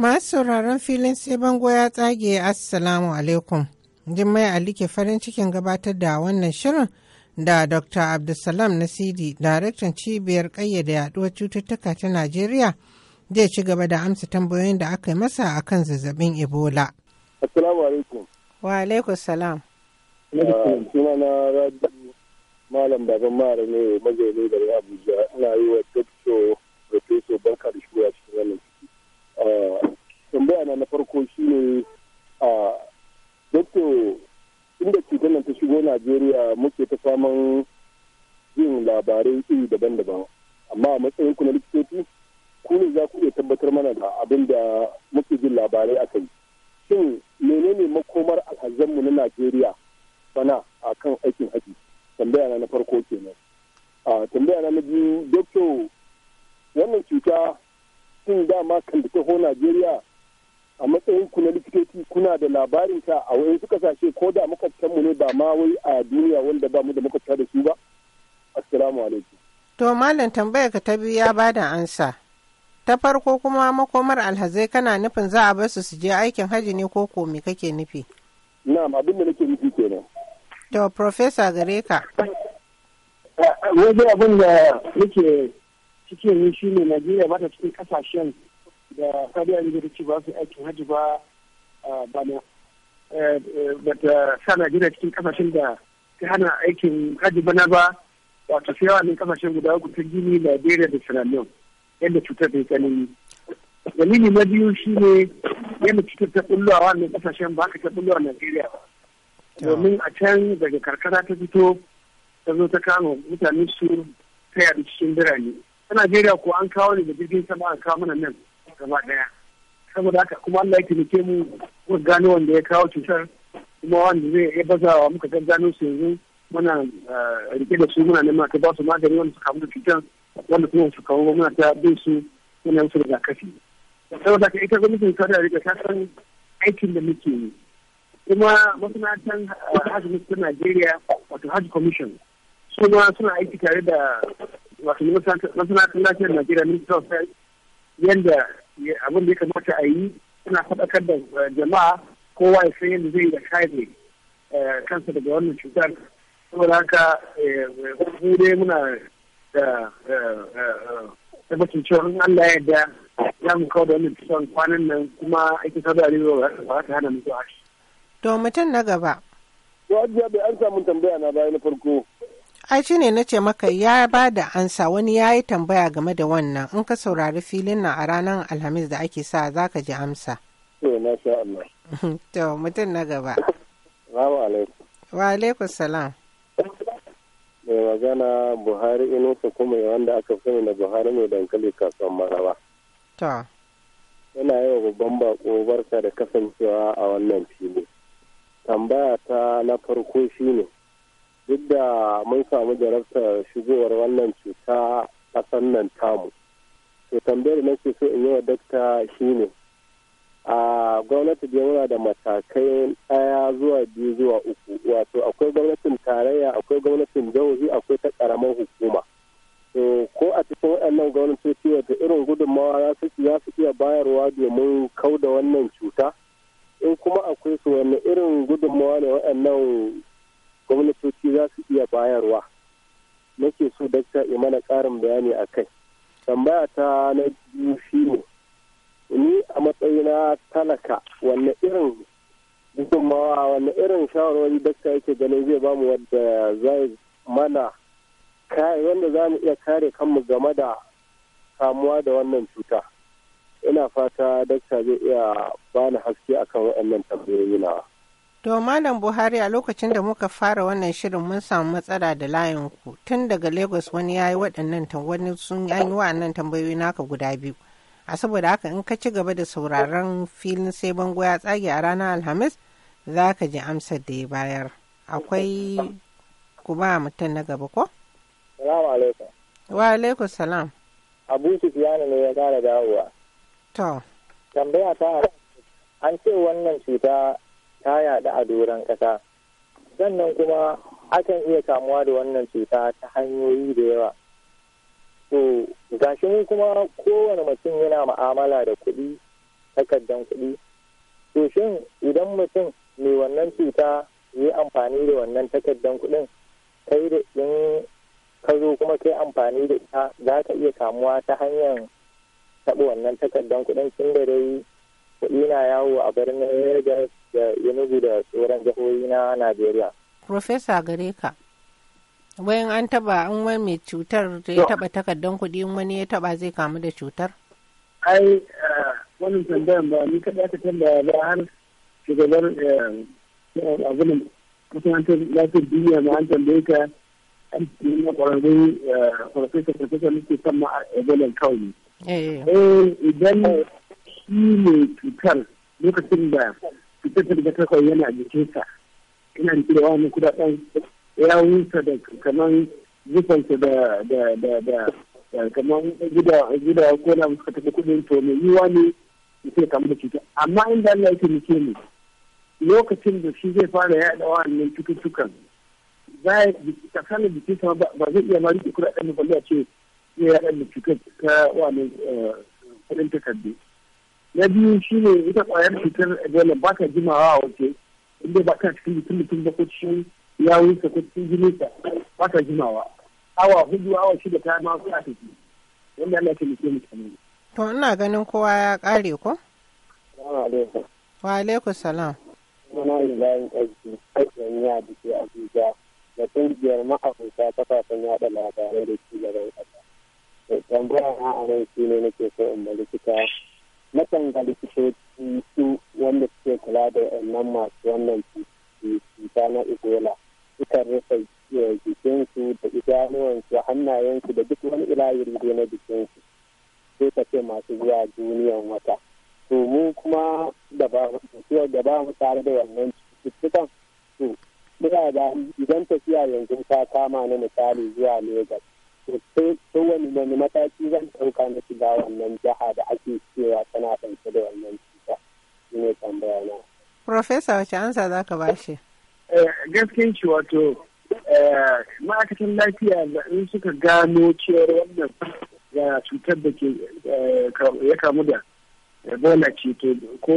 Masu sauraron filin sai bango ya tsage Assalamu alaikum. Jummai Ali ke farin cikin gabatar da wannan shirin da Dr. Abdulsalam Nasidi, daraktan cibiyar kayyada yaduwar cututtuka ta Najeriya, zai ci gaba da amsa tambayoyin da aka yi masa a kan zazzabin Ebola. Assalamu alaikum. Wa alaikum salam. Suna na Malam Baban Mara ne mazauni da Abuja, ina yi wa dokto Professor Bakar Shuwa tambaya na na farko shine a dokto inda cutar nan ta shigo najeriya muke ta saman yin labarai iri daban-daban amma a matsayin ku na likitoci ku ne za ku iya tabbatar mana da abin da muke jin labarai a kai shin menene makomar alhazanmu na najeriya bana a kan aikin haji tambaya na na farko kenan tambaya na na biyu wannan cuta cin dama kan taho Najeriya a matsayin ku na likitoci kuna da labarin ka a wayan su kasashe ko da makwabtan mu ne ba ma wai a duniya wanda ba mu da makwabta da su ba assalamu alaikum to malam tambaya ka ta biyu ya bada ansa ta farko kuma makomar alhazai kana nufin za a bar su su je aikin haji ne ko me kake nufi na'am abin da nake nufi kenan to professor gare ka abin da nake ciki yanzu shi ne najeriya ba ta cikin kasashen da saudi arabia da ce ba su aikin hajji ba na eh, eh, ba ta sa najeriya cikin kasashen da ta hana aikin hajji bana ba wato su yawa ne kasashen guda uku ta gini najeriya da sierra yadda cutar ta yi tsanani dalili na biyu shi ne yadda cutar ta bullo a wannan kasashen ba ka ta bullo a najeriya ba domin a can daga karkara ta fito ta zo ta kama mutane su ta yadda cikin birane ta Najeriya ko an kawo ne da jirgin sama an kawo mana nan gaba daya saboda haka kuma Allah ya taimake mu muka gano wanda ya kawo cutar kuma wanda zai iya baza wa muka gano su yanzu muna eh, rike da su muna neman ta ba su magani wanda su kamu da cutar wanda kuma su kamu muna ta bin su muna musu rigakafi saboda haka ita gwamnatin Saudi Arabia ta san aikin da muke yi kuma masana'antar eh, hajji ta Najeriya wato hajji commission suna suna aiki tare da wato masana'antar lafiyar najeriya ministry of health yadda abin da ya kamata a yi suna faɗakar da eh, jama'a kowa ya san yadda zai da kare eh, kansa daga wannan cutar saboda haka eh, mu dai muna da tabbacin cewa in Allah ya yarda za mu kawo da wannan cutar kwanan nan kuma ake sabu a rizo ba ta hana mutu a To mutum na gaba. To ajiya bai an samu tambaya na bayan farko. Ai ne na ce maka ya ba da ansa wani ya yi tambaya game da wannan in ka saurari filin nan a ranar Alhamis da ake sa za ka ji amsa. To, na sha Allah. To, mutum na gaba. Salamu alaikum. Wa alaikum salam. Mai magana Buhari Inusa kuma wanda aka sani da Buhari mai dankali kasuwan Maraba. To. Yana yi wa babban bako barka da kasancewa a wannan fili. Tambaya ta na farko shine. ne. duk da mun samu jarabtar shigowar wannan cuta ƙasar nan tamu to tambayar na ke so in yi wa dakta shine a gwamnati da muna da matakai ɗaya zuwa biyu zuwa nake so dakta ya mana ƙarin bayani a kai tambaya ta na biyu ne ni a matsayi na talaka wanne irin gudunmawa wanne irin shawarwari dakta yake ganin zai bamu wadda zai mana kare wanda za mu iya kare kanmu game da kamuwa da wannan cuta ina fata dakta zai iya bani haske akan waɗannan tambayoyi nawa To Malam Buhari a lokacin da muka fara wannan shirin mun samu matsala da layin ku tun daga Lagos wani yayi waɗannan wani sun yi waɗannan tambayoyi naka guda biyu. A saboda haka in ka ci gaba da sauraron filin sai bango ya tsage a ranar Alhamis za ka ji amsar da ya bayar. Akwai ku ba mutum na gaba ko? Salamu alaikum. Wa alaikum salam. Abu Sufiyanu ne ya kara dawowa. To. Tambaya ta an ce wannan cuta ta yaɗu a doron ƙasa sannan kuma akan iya kamuwa da wannan cuta ta hanyoyi da yawa to gashi mu kuma kowane mutum yana ma'amala da kuɗi takardan kuɗi to shin idan mutum mai wannan cuta ya yi amfani da wannan takardan kuɗin kai da in ka zo kuma kai amfani da ita za ka iya kamuwa ta hanyar taɓa wannan takardan kuɗin tun da dai kuɗi na yawo a birnin Lagos da Enugu da sauran jihohi na Najeriya. Profesa gare ka. Wayan an taba an wani mai cutar da ya taba takardar kuɗi in wani ya taba zai kamu da cutar? Ai wannan tambayan ba ni kaɗa ta tambaya ba har shugaban eh, abin kusurantar lafiyar duniya ma an tambaye ka an yi na ƙwararrun farfesa eh, farfesa nake kan ma a ebolan kawai. Eh. eh idan shi ne cutar lokacin da fitar da kawai yana jikinsa yana rike da wani kudaden ya wuce da kamar zufansa da da da da kaman gida gida ko na muka tafi kudin to ne yiwa ne sai kamar da cuta amma inda Allah yake nike ni lokacin da shi zai fara yaɗa wannan cututtukan za ya kasana jikinsa ba zai iya ma rike kudaden ba ce ya yaɗa da cutar ta wannan eh, kudin takardu na biyu ne ita kwayar cutar ebola ba ta jimawa a waje inda ba ta cikin mutum mutum ba ko cikin yawunsa ko cikin ta ba ta jimawa awa hudu awa shida ta ma ko a tafi wanda Allah ke mutum mutane. to ina ganin kowa ya kare ko. wa alaikum salam. Muna Ibrahim aiki aikin ya da a Abuja da ƙungiyar ma'abuta kafafen yaɗa labarai da ci gaban ƙasa. Tambaya na a nan shi ne nake so in ba likita na kan ga likitoci su wanda suke kula da wannan masu wannan cuta na ebola suka rufe jikinsu da idanuwansu hannayensu da duk wani ilayiri dai na jikinsu sai ka ce masu zuwa duniyan wata to mu kuma da ba mu tare da wannan cututtukan to muna da idan tafiya yanzu ta kama na misali zuwa Legas to sai wani mataki zan ɗauka na shiga wannan jiha da ake Profesa wace ansa za ka shi? Eh, Gaskiyan shi wato eh, ma'aikatan lafiya da in suka gano cewar wannan ga cutar da eh, ya kamu da Ebola ce to ko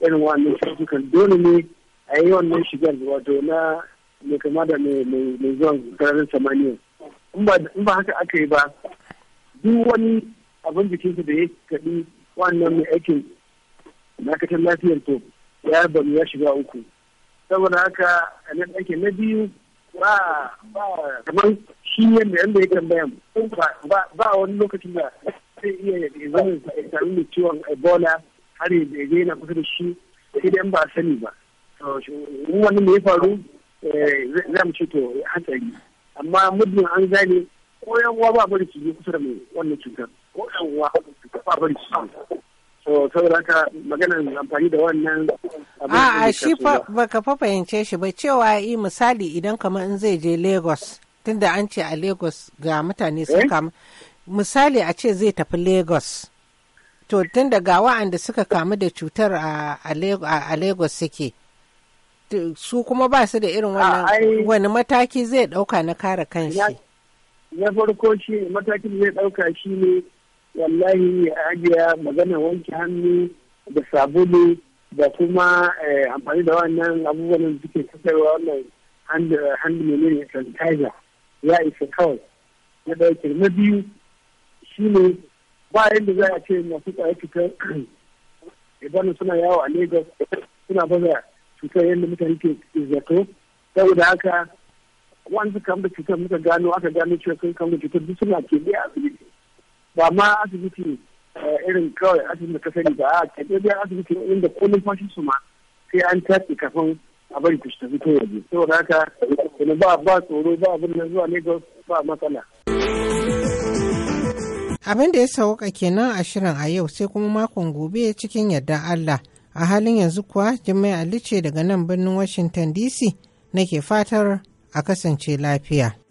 irin wannan cutukan dole ne a yi wannan shigar wato na mai kama da mai zuwan sararin samaniya. In ba haka aka yi ba duk wani abin jikinsu da ya kaɗi wannan mai aikin ma'aikatan lafiyar to ya bari ya shiga uku saboda haka a nan ake na biyu ba ba kamar shi yadda yadda ya tambaya ba wani lokacin da zai iya ya zama ya sami da ciwon ebola har ya daina kusa da shi sai dai ba a sani ba in wani mai faru eh, zan mu ce to hatsari amma muddin an gane ko yan uwa ba bari su kusa da mai wannan cutar ko yan uwa ba bari su to saboda haka maganar amfani da wannan a shi baka fa fahimce shi ba cewa yi misali idan kamar in zai je lagos tunda an ce a lagos ga mutane sun eh? kama misali a ce zai tafi lagos to tun ga wa'anda suka kamu da cutar a lagos suke su kuma ba su da irin wani mataki zai dauka na kare kanshi na farko shi matakin zai dauka shi ne wallahi ajiya magana wanke hannu da sabulu da kuma eh, amfani da wannan abubuwan da suke kasarwa wannan hand ne sanitizer ya isa kawai na ɗauke na biyu shi ne ba yadda za a ce masu tsaye cutar idan suna yawo a lagos suna baza cutar yadda mutane ke zato saboda haka wanzu kamar da cutar muka gano aka gano cewa kan kam da cutar duk suna ke a asibiti ba ma asibiti eh, irin kawai asibiti ka sani ba a kaɗaɗɗiyar asibiti inda kullum fashin su ma sai an tafi kafin a bari ku tafi ta waje saboda haka ba ba tsoro ba abin da zuwa lagos ba matsala. abin da ya sauka kenan a shirin a yau sai kuma makon gobe cikin yardan Allah a halin yanzu kuwa Jummai Ali ce daga nan birnin Washington DC nake fatar a kasance lafiya.